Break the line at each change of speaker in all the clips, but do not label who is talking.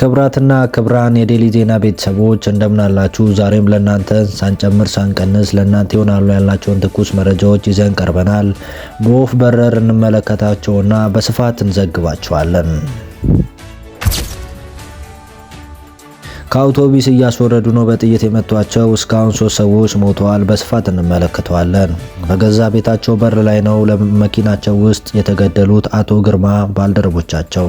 ክብራትና ክብራን የዴሊ ዜና ቤተሰቦች እንደምናላችሁ፣ ዛሬም ለእናንተ ሳንጨምር ሳንቀንስ ለእናንተ ይሆናሉ ያላቸውን ትኩስ መረጃዎች ይዘን ቀርበናል። በወፍ በረር እንመለከታቸውና በስፋት እንዘግባቸዋለን። ከአውቶቢስ እያስወረዱ ነው በጥይት የመቷቸው። እስካሁን ሶስት ሰዎች ሞተዋል። በስፋት እንመለከተዋለን። በገዛ ቤታቸው በር ላይ ነው ለመኪናቸው ውስጥ የተገደሉት አቶ ግርማ ባልደረቦቻቸው።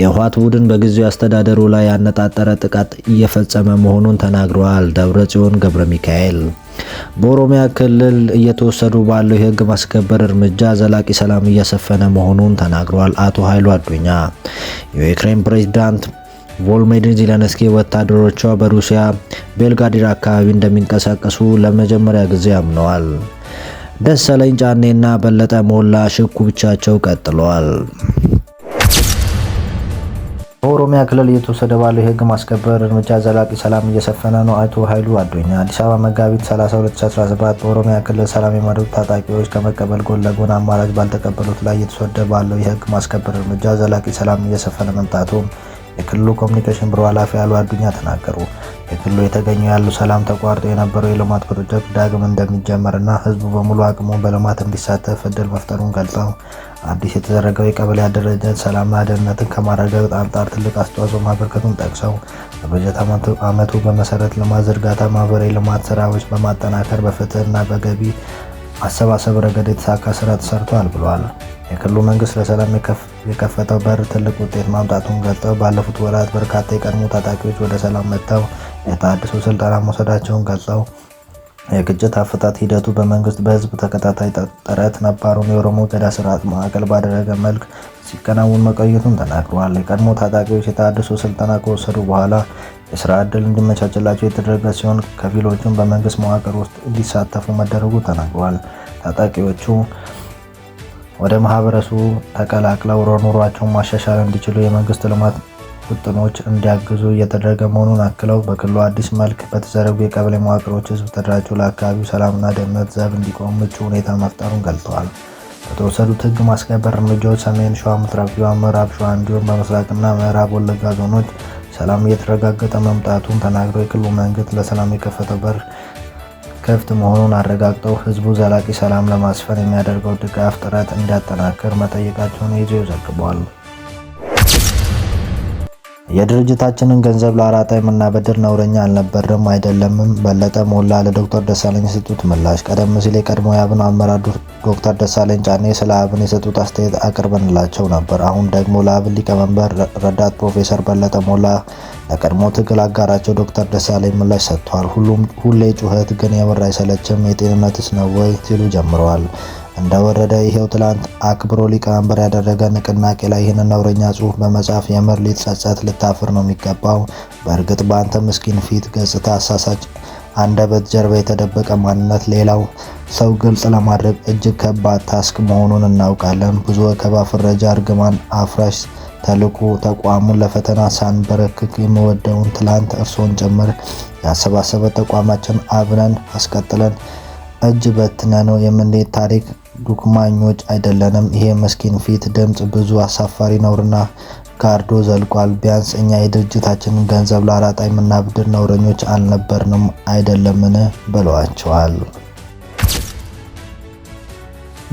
የህወሓት ቡድን በጊዜው አስተዳደሩ ላይ ያነጣጠረ ጥቃት እየፈጸመ መሆኑን ተናግረዋል። ደብረ ጽዮን ገብረ ሚካኤል በኦሮሚያ ክልል እየተወሰዱ ባለው የህግ ማስከበር እርምጃ ዘላቂ ሰላም እያሰፈነ መሆኑን ተናግረዋል አቶ ኃይሉ አዱኛ የዩክሬን ፕሬዚዳንት ቮልሜድን ዜለንስኪ ወታደሮቿ በሩሲያ ቤልጋዴር አካባቢ እንደሚንቀሳቀሱ ለመጀመሪያ ጊዜ አምነዋል። ደሳለኝ ጫኔና በለጠ ሞላ ሽኩ ብቻቸው ቀጥለዋል። በኦሮሚያ ክልል እየተወሰደ ባለው የህግ ማስከበር እርምጃ ዘላቂ ሰላም እየሰፈነ ነው። አቶ ኃይሉ አዱኛ አዲስ አበባ መጋቢት 32017 በኦሮሚያ ክልል ሰላም የመረጡ ታጣቂዎች ከመቀበል ጎን ለጎን አማራጭ ባልተቀበሉት ላይ እየተወሰደ ባለው የህግ ማስከበር እርምጃ ዘላቂ ሰላም እየሰፈነ መምጣቱ የክልሉ ኮሚኒኬሽን ቢሮ ኃላፊ አሉ አዱኛ ተናገሩ። የክልሉ የተገኙ ያሉ ሰላም ተቋርጦ የነበረው የልማት ፕሮጀክት ዳግም እንደሚጀመርና ህዝቡ በሙሉ አቅሙ በልማት እንዲሳተፍ እድል መፍጠሩን ገልጸው አዲስ የተደረገው የቀበሌ አደረጃጀት ሰላምና ደህንነትን ከማረጋገጥ አንጻር ትልቅ አስተዋጽኦ ማበርከቱን ጠቅሰው በበጀት ዓመቱ በመሰረት ልማት ዝርጋታ፣ ማህበራዊ ልማት ስራዎች በማጠናከር በፍትህና በገቢ ማሰባሰብ ረገድ የተሳካ ስራ ተሰርቷል ብለዋል። የክልሉ መንግስት ለሰላም የከፈተው በር ትልቅ ውጤት ማምጣቱን ገልጸው ባለፉት ወራት በርካታ የቀድሞ ታጣቂዎች ወደ ሰላም መጥተው የተሃድሶ ስልጠና መውሰዳቸውን ገልጸው የግጭት አፈታት ሂደቱ በመንግስት በህዝብ ተከታታይ ጥረት ነባሩን የኦሮሞ ገዳ ስርዓት ማዕከል ባደረገ መልክ ሲከናወን መቆየቱን ተናግረዋል። የቀድሞ ታጣቂዎች የተሃድሶ ስልጠና ከወሰዱ በኋላ የስራ ዕድል እንዲመቻችላቸው የተደረገ ሲሆን ከፊሎቹም በመንግስት መዋቅር ውስጥ እንዲሳተፉ መደረጉ ተናግረዋል። ታጣቂዎቹ ወደ ማህበረሰቡ ተቀላቅለው ኑሯቸውን ማሻሻል እንዲችሉ የመንግስት ልማት ውጥኖች እንዲያግዙ እየተደረገ መሆኑን አክለው በክልሉ አዲስ መልክ በተዘረጉ የቀበሌ መዋቅሮች ህዝብ ተደራጅቶ ለአካባቢው ሰላምና ደህንነት ዘብ እንዲቆም ምቹ ሁኔታ መፍጠሩን ገልጠዋል። በተወሰዱት ህግ ማስከበር እርምጃዎች ሰሜን ሸዋ፣ ምስራቅ ሸዋ፣ ምዕራብ ሸዋ እንዲሁም በምስራቅና ምዕራብ ወለጋ ዞኖች ሰላም እየተረጋገጠ መምጣቱን ተናግረው የክልሉ መንግስት ለሰላም የከፈተው በር ክፍት መሆኑን አረጋግጠው ህዝቡ ዘላቂ ሰላም ለማስፈን የሚያደርገው ድጋፍ ጥረት እንዲያጠናክር መጠየቃቸውን ይዘው ዘግበዋል። የድርጅታችንን ገንዘብ ለአራጣ የምናበድር ነውረኛ አልነበርም አይደለምም። በለጠ ሞላ ለዶክተር ደሳለኝ የሰጡት ምላሽ። ቀደም ሲል የቀድሞ የአብን አመራር ዶክተር ደሳለኝ ጫኔ ስለ አብን የሰጡት አስተያየት አቅርበንላቸው ነበር። አሁን ደግሞ ለአብን ሊቀመንበር ረዳት ፕሮፌሰር በለጠ ሞላ ለቀድሞ ትግል አጋራቸው ዶክተር ደሳለኝ ምላሽ ሰጥቷል። ሁሌ ጩኸት ግን የምር አይሰለችም፣ የጤንነትስ ነው ወይ ሲሉ ጀምረዋል። እንደወረደ ይሄው ትላንት አክብሮ ሊቀመንበር ያደረገ ንቅናቄ ላይ ይህንን ነውረኛ ጽሁፍ በመጻፍ የምር ሊትጸጸት ልታፍር ነው የሚገባው። በእርግጥ በአንተ ምስኪን ፊት ገጽታ አሳሳጭ አንደበት ጀርባ የተደበቀ ማንነት ሌላው ሰው ግልጽ ለማድረግ እጅግ ከባድ ታስክ መሆኑን እናውቃለን። ብዙ ወከባ፣ ፍረጃ፣ እርግማን አፍራሽ ተልዕኮ ተቋሙን ለፈተና ሳንበረክክ የምወደውን ትላንት እርስዎን ጭምር ያሰባሰበ ተቋማችን አብረን አስቀጥለን እጅ በትነ ነው የምንሄድ ታሪክ ዱክማኞች አይደለንም። ይሄ መስኪን ፊት ድምፅ ብዙ አሳፋሪ ነውርና ካርዶ ዘልቋል። ቢያንስ እኛ የድርጅታችንን ገንዘብ ለአራጣ የምናበድር ነውረኞች አልነበርንም አይደለምን? ብለዋቸዋል።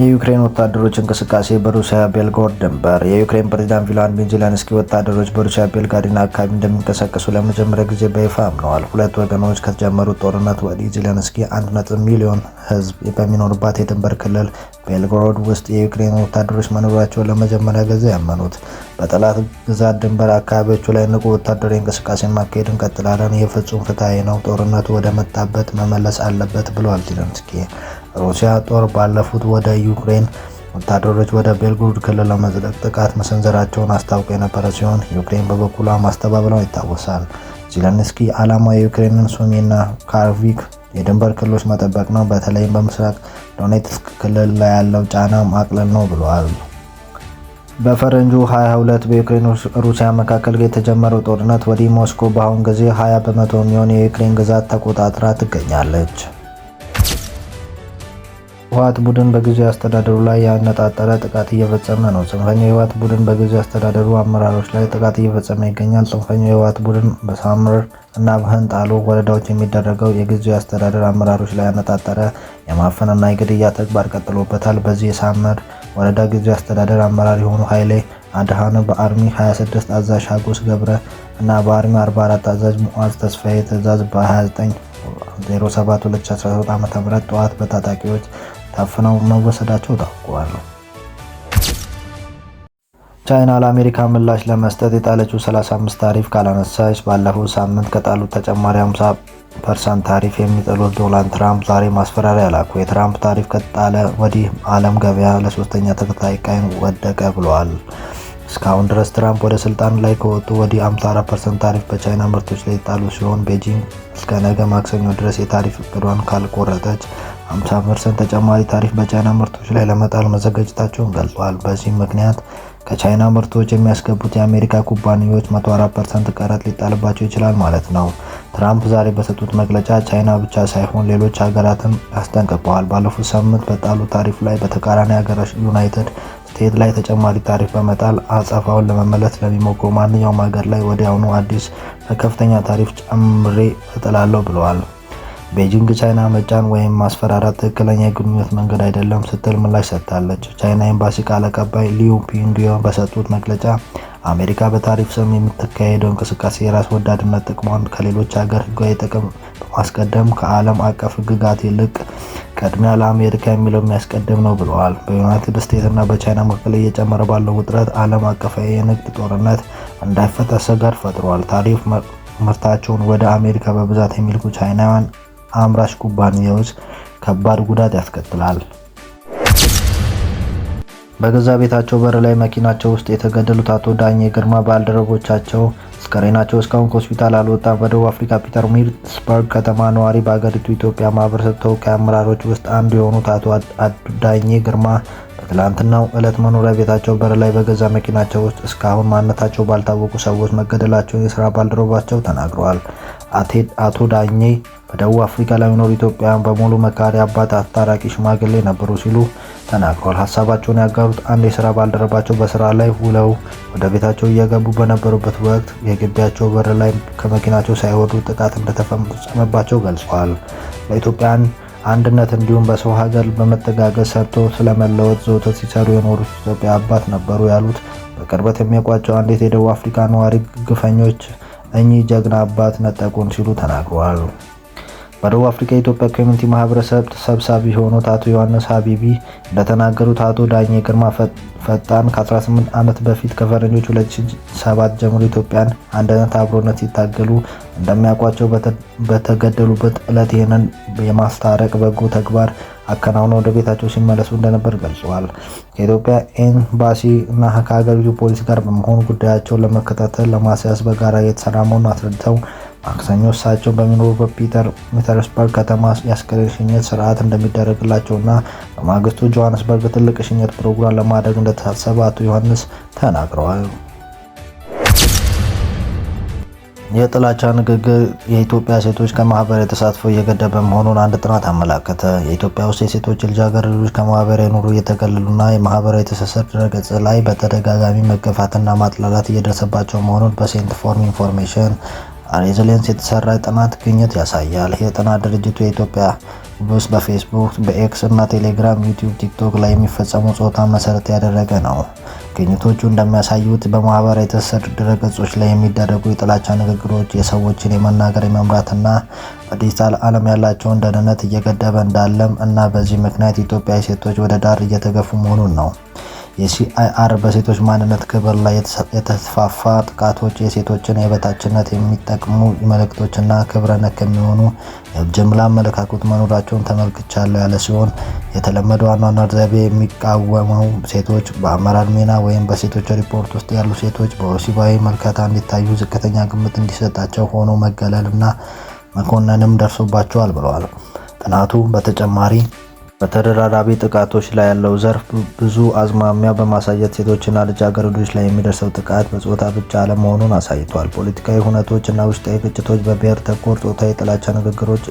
የዩክሬን ወታደሮች እንቅስቃሴ በሩሲያ ቤልጎርድ ድንበር። የዩክሬን ፕሬዚዳንት ቮሎዲሚር ዜለንስኪ ወታደሮች በሩሲያ ቤልጋሪና አካባቢ እንደሚንቀሳቀሱ ለመጀመሪያ ጊዜ በይፋ አምነዋል። ሁለት ወገኖች ከተጀመሩት ጦርነት ወዲህ ዜለንስኪ 1.5 ሚሊዮን ህዝብ በሚኖርባት የድንበር ክልል ቤልጎርድ ውስጥ የዩክሬን ወታደሮች መኖራቸውን ለመጀመሪያ ጊዜ ያመኑት፣ በጠላት ግዛት ድንበር አካባቢዎቹ ላይ ንቁ ወታደራዊ እንቅስቃሴ ማካሄድ እንቀጥላለን፣ ይህ ፍጹም ፍትሐዊ ነው፣ ጦርነቱ ወደ መጣበት መመለስ አለበት ብለዋል ዜለንስኪ ሩሲያ ጦር ባለፉት ወደ ዩክሬን ወታደሮች ወደ ቤልግሩድ ክልል ለመዝለቅ ጥቃት መሰንዘራቸውን አስታውቆ የነበረ ሲሆን ዩክሬን በበኩሏ ማስተባበለው ይታወሳል። ዜለንስኪ ዓላማ የዩክሬንን ሱሚና ካርቪክ የድንበር ክልሎች መጠበቅ ነው፣ በተለይም በምስራቅ ዶኔትስክ ክልል ላይ ያለው ጫና ማቅለል ነው ብለዋል። በፈረንጁ 22 በዩክሬን ሩሲያ መካከል የተጀመረው ጦርነት ወዲህ ሞስኮ በአሁን ጊዜ 20 በመቶ የሚሆን የዩክሬን ግዛት ተቆጣጥራ ትገኛለች። የህወሓት ቡድን በጊዜያዊ አስተዳደሩ ላይ ያነጣጠረ ጥቃት እየፈጸመ ነው። ጽንፈኛው የህወሓት ቡድን በጊዜያዊ አስተዳደሩ አመራሮች ላይ ጥቃት እየፈጸመ ይገኛል። ጽንፈኛው የህወሓት ቡድን በሳምር እና በህንጣሎ ወረዳዎች የሚደረገው የጊዜያዊ አስተዳደር አመራሮች ላይ ያነጣጠረ የማፈንና የግድያ ተግባር ቀጥሎበታል። በዚህ የሳምር ወረዳ ጊዜያዊ አስተዳደር አመራር የሆኑ ኃይሌ አድሃነ በአርሚ 26 አዛዥ ሀጎስ ገብረ እና በአርሚ 44 አዛዥ ሙዓዝ ተስፋዬ ትእዛዝ በ29 07 ዓ ዓ.ም ጠዋት በታጣቂዎች ታፍነው መወሰዳቸው ታውቋል። ቻይና ለአሜሪካ ምላሽ ለመስጠት የጣለችው 35 ታሪፍ ካላነሳች ባለፈው ሳምንት ከጣሉት ተጨማሪ 50 ፐርሰንት ታሪፍ የሚጥሉት ዶናልድ ትራምፕ ዛሬ ማስፈራሪያ ላኩ። የትራምፕ ታሪፍ ከጣለ ወዲህ ዓለም ገበያ ለሶስተኛ ተከታይ ቀን ወደቀ ብለዋል። እስካሁን ድረስ ትራምፕ ወደ ስልጣን ላይ ከወጡ ወዲህ 54 ፐርሰንት ታሪፍ በቻይና ምርቶች ላይ የጣሉ ሲሆን ቤጂንግ እስከ ነገ ማክሰኞ ድረስ የታሪፍ እቅዷን ካልቆረጠች 50 ፐርሰንት ተጨማሪ ታሪፍ በቻይና ምርቶች ላይ ለመጣል መዘጋጀታቸውን ገልጿል። በዚህም ምክንያት ከቻይና ምርቶች የሚያስገቡት የአሜሪካ ኩባንያዎች 104 ፐርሰንት ቀረጥ ሊጣልባቸው ይችላል ማለት ነው። ትራምፕ ዛሬ በሰጡት መግለጫ ቻይና ብቻ ሳይሆን ሌሎች ሀገራትም አስጠንቅቀዋል። ባለፉት ሳምንት በጣሉ ታሪፍ ላይ በተቃራኒ ሀገራት ዩናይትድ ስቴትስ ላይ ተጨማሪ ታሪፍ በመጣል አጸፋውን ለመመለስ ለሚሞክረው ማንኛውም ሀገር ላይ ወዲያውኑ አዲስ በከፍተኛ ታሪፍ ጨምሬ እጥላለሁ ብለዋል። ቤጂንግ ቻይና መጫን ወይም ማስፈራራት ትክክለኛ የግንኙነት መንገድ አይደለም ስትል ምላሽ ሰጥታለች። ቻይና ኤምባሲ ቃል አቀባይ ሊዩ ፒንግዮ በሰጡት መግለጫ አሜሪካ በታሪፍ ስም የምትካሄደው እንቅስቃሴ የራስ ወዳድነት ጥቅሟን ከሌሎች ሀገር ህጋዊ ጥቅም በማስቀደም ከዓለም አቀፍ ህግጋት ይልቅ ቅድሚያ ለአሜሪካ የሚለው የሚያስቀድም ነው ብለዋል። በዩናይትድ ስቴትስ እና በቻይና መካከል እየጨመረ ባለው ውጥረት ዓለም አቀፋዊ የንግድ ጦርነት እንዳይፈታ ስጋት ፈጥሯል። ታሪፍ ምርታቸውን ወደ አሜሪካ በብዛት የሚልኩ ቻይናውያን አምራች ኩባንያዎች ከባድ ጉዳት ያስከትላል። በገዛ ቤታቸው በር ላይ መኪናቸው ውስጥ የተገደሉት አቶ ዳኜ ግርማ ባልደረቦቻቸው አስከሬናቸው እስካሁን ከሆስፒታል አልወጣም። በደቡብ አፍሪካ ፒተር ሚልስበርግ ከተማ ነዋሪ በሀገሪቱ ኢትዮጵያ ማህበረሰብ ተወካይ አመራሮች ውስጥ አንዱ የሆኑት አቶ ዳኜ ግርማ በትላንትናው ዕለት መኖሪያ ቤታቸው በር ላይ በገዛ መኪናቸው ውስጥ እስካሁን ማንነታቸው ባልታወቁ ሰዎች መገደላቸውን የስራ ባልደረባቸው ተናግረዋል። አቶ ዳኜ በደቡብ አፍሪካ ለሚኖሩ ኢትዮጵያውያን በሙሉ መካሪ አባት፣ አስታራቂ ሽማግሌ ነበሩ ሲሉ ተናግረዋል። ሀሳባቸውን ያጋሩት አንድ የስራ ባልደረባቸው በስራ ላይ ውለው ወደ ቤታቸው እየገቡ በነበሩበት ወቅት የግቢያቸው በር ላይ ከመኪናቸው ሳይወርዱ ጥቃት እንደተፈጸመባቸው ገልጸዋል። በኢትዮጵያን አንድነት እንዲሁም በሰው ሀገር በመጠጋገዝ ሰርቶ ስለመለወጥ ዘውትር ሲሰሩ የኖሩት ኢትዮጵያ አባት ነበሩ ያሉት በቅርበት የሚያውቋቸው አንዲት የደቡብ አፍሪካ ነዋሪ ግፈኞች እኚህ ጀግና አባት ነጠቁን ሲሉ ተናግረዋል። በደቡብ አፍሪካ የኢትዮጵያ ኮሚኒቲ ማህበረሰብ ሰብሳቢ የሆኑት አቶ ዮሐንስ ሀቢቢ እንደተናገሩት አቶ ዳኜ ግርማ ፈጣን ከ18 ዓመት በፊት ከፈረንጆች 2007 ጀምሮ ኢትዮጵያን አንድነት፣ አብሮነት ሲታገሉ እንደሚያውቋቸው በተገደሉበት ዕለት ይህንን የማስታረቅ በጎ ተግባር አከናውነው ወደ ቤታቸው ሲመለሱ እንደነበር ገልጸዋል። ከኢትዮጵያ ኤምባሲ እና ከሀገሪቱ ፖሊስ ጋር በመሆን ጉዳያቸውን ለመከታተል ለማስያዝ በጋራ የተሰራ መሆኑን አስረድተው ማክሰኞ እሳቸው በሚኖሩበት ፒተር ፒተርስበርግ ከተማ የአስከሬን ሽኝት ስርዓት እንደሚደረግላቸውና በማግስቱ ጆሃንስበርግ ትልቅ ሽኝት ፕሮግራም ለማድረግ እንደተሳሰበ አቶ ዮሐንስ ተናግረዋል። የጥላቻ ንግግር የኢትዮጵያ ሴቶች ከማህበራዊ ተሳትፎ እየገደበ መሆኑን አንድ ጥናት አመላከተ። የኢትዮጵያ ውስጥ የሴቶች ልጃገረዶች ከማህበራዊ ኑሮ እየተገለሉና የማህበራዊ ትስስር ድረገጽ ላይ በተደጋጋሚ መገፋትና ማጥላላት እየደረሰባቸው መሆኑን በሴንት ፎርም ኢንፎርሜሽን ሬዚሊየንስ የተሰራ የጥናት ግኝት ያሳያል። የጥናት ድርጅቱ የኢትዮጵያ ውስጥ በፌስቡክ በኤክስ እና ቴሌግራም፣ ዩቲዩብ፣ ቲክቶክ ላይ የሚፈጸሙ ጾታ መሰረት ያደረገ ነው። ግኝቶቹ እንደሚያሳዩት በማህበራዊ ትስስር ድረገጾች ላይ የሚደረጉ የጥላቻ ንግግሮች የሰዎችን የመናገር የመምራትና በዲጂታል ዓለም ያላቸውን ደህንነት እየገደበ እንዳለም እና በዚህ ምክንያት ኢትዮጵያ ሴቶች ወደ ዳር እየተገፉ መሆኑን ነው። የሲአይአር በሴቶች ማንነት ክብር ላይ የተስፋፋ ጥቃቶች የሴቶችን የበታችነት የሚጠቅሙ መልእክቶችና ክብረ ነክ የሚሆኑ የጅምላ አመለካከት መኖራቸውን ተመልክቻለሁ ያለ ሲሆን የተለመደው አኗኗር ዘይቤ የሚቃወመው ሴቶች በአመራር ሚና ወይም በሴቶች ሪፖርት ውስጥ ያሉ ሴቶች በወሲባዊ መልከታ እንዲታዩ ዝቅተኛ ግምት እንዲሰጣቸው ሆኖ መገለልና መኮነንም ደርሶባቸዋል ብለዋል። ጥናቱ በተጨማሪ በተደራራቢ ጥቃቶች ላይ ያለው ዘርፍ ብዙ አዝማሚያ በማሳየት ሴቶችና ልጃገረዶች ላይ የሚደርሰው ጥቃት በጾታ ብቻ አለመሆኑን አሳይቷል። ፖለቲካዊ ሁነቶች እና ውስጣዊ ግጭቶች፣ በብሔር ተኮር ጾታዊ ጥላቻ ንግግሮች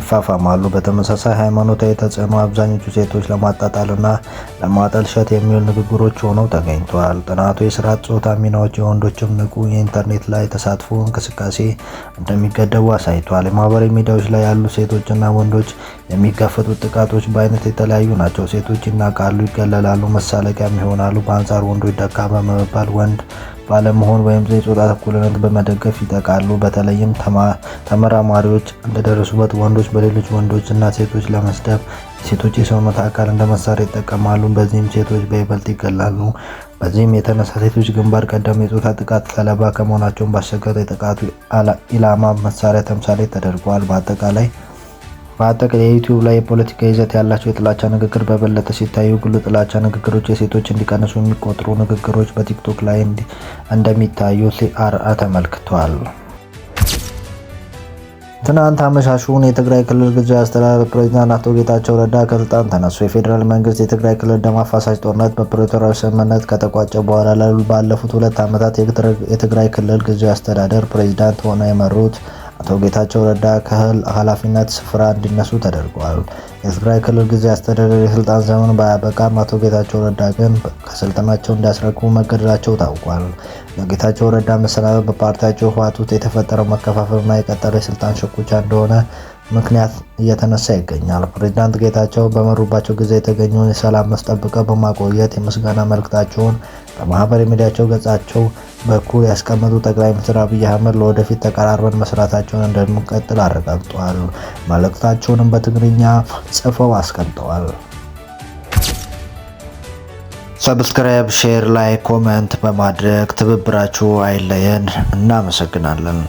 ይፋፋማሉ። በተመሳሳይ ሃይማኖታዊ ተጽዕኖ አብዛኞቹ ሴቶች ለማጣጣልና ለማጠልሸት የሚውል ንግግሮች ሆነው ተገኝተዋል። ጥናቱ የስርዓት ጾታ ሚናዎች የወንዶችም ንቁ የኢንተርኔት ላይ ተሳትፎ እንቅስቃሴ እንደሚገደቡ አሳይቷል። የማህበራዊ ሚዲያዎች ላይ ያሉ ሴቶችና ወንዶች የሚጋፈጡት ጥቃቶች በአይነት የተለያዩ ናቸው። ሴቶች ይናቃሉ፣ ይገለላሉ፣ መሳለቂያም ይሆናሉ። በአንጻር ወንዶች ደካማ በመባል ወንድ ባለመሆን ወይም የጾታ እኩልነት በመደገፍ ይጠቃሉ። በተለይም ተመራማሪዎች እንደደረሱበት ወንዶች በሌሎች ወንዶች እና ሴቶች ለመስደብ ሴቶች የሰውነት አካል እንደ መሳሪያ ይጠቀማሉ። በዚህም ሴቶች በይበልጥ ይገላሉ። በዚህም የተነሳ ሴቶች ግንባር ቀደም የጾታ ጥቃት ሰለባ ከመሆናቸውን ባሻገር የጥቃቱ ኢላማ መሳሪያ ተምሳሌ ተደርገዋል። በአጠቃላይ በአጠቃላይ የዩቲዩብ ላይ የፖለቲካ ይዘት ያላቸው የጥላቻ ንግግር በበለጠ ሲታዩ፣ ግሉ ጥላቻ ንግግሮች የሴቶች እንዲቀንሱ የሚቆጥሩ ንግግሮች በቲክቶክ ላይ እንደሚታዩ ሲአርአ ተመልክቷል። ትናንት አመሻሹን የትግራይ ክልል ጊዜያዊ አስተዳደር ፕሬዚዳንት አቶ ጌታቸው ረዳ ከስልጣን ተነሱ። የፌዴራል መንግስት የትግራይ ክልል ደም አፋሳሽ ጦርነት በፕሪቶሪያው ስምምነት ከተቋጨ በኋላ ላሉ ባለፉት ሁለት ዓመታት የትግራይ ክልል ጊዜያዊ አስተዳደር ፕሬዚዳንት ሆነው የመሩት አቶ ጌታቸው ረዳ ከኃላፊነት ስፍራ እንዲነሱ ተደርጓል። የትግራይ ክልል ጊዜ አስተዳደር የስልጣን ዘመን ባያበቃም አቶ ጌታቸው ረዳ ግን ከስልጣናቸው እንዲያስረክቡ መገደዳቸው ታውቋል። ለጌታቸው ረዳ መሰናበት በፓርቲያቸው ህወሓት ውስጥ የተፈጠረው መከፋፈልና የቀጠለው የስልጣን ሽኩቻ እንደሆነ ምክንያት እየተነሳ ይገኛል። ፕሬዚዳንት ጌታቸው በመሩባቸው ጊዜ የተገኘውን የሰላም መስጠብቀው በማቆየት የምስጋና መልእክታቸውን በማህበራዊ ሚዲያቸው ገጻቸው በኩል ያስቀመጡ ጠቅላይ ሚኒስትር አብይ አህመድ ለወደፊት ተቀራርበን መስራታቸውን እንደሚቀጥል አረጋግጠዋል። መልእክታቸውንም በትግርኛ ጽፈው አስቀምጠዋል። ሰብስክራይብ፣ ሼር ላይ ኮመንት በማድረግ ትብብራችሁ አይለየን። እናመሰግናለን።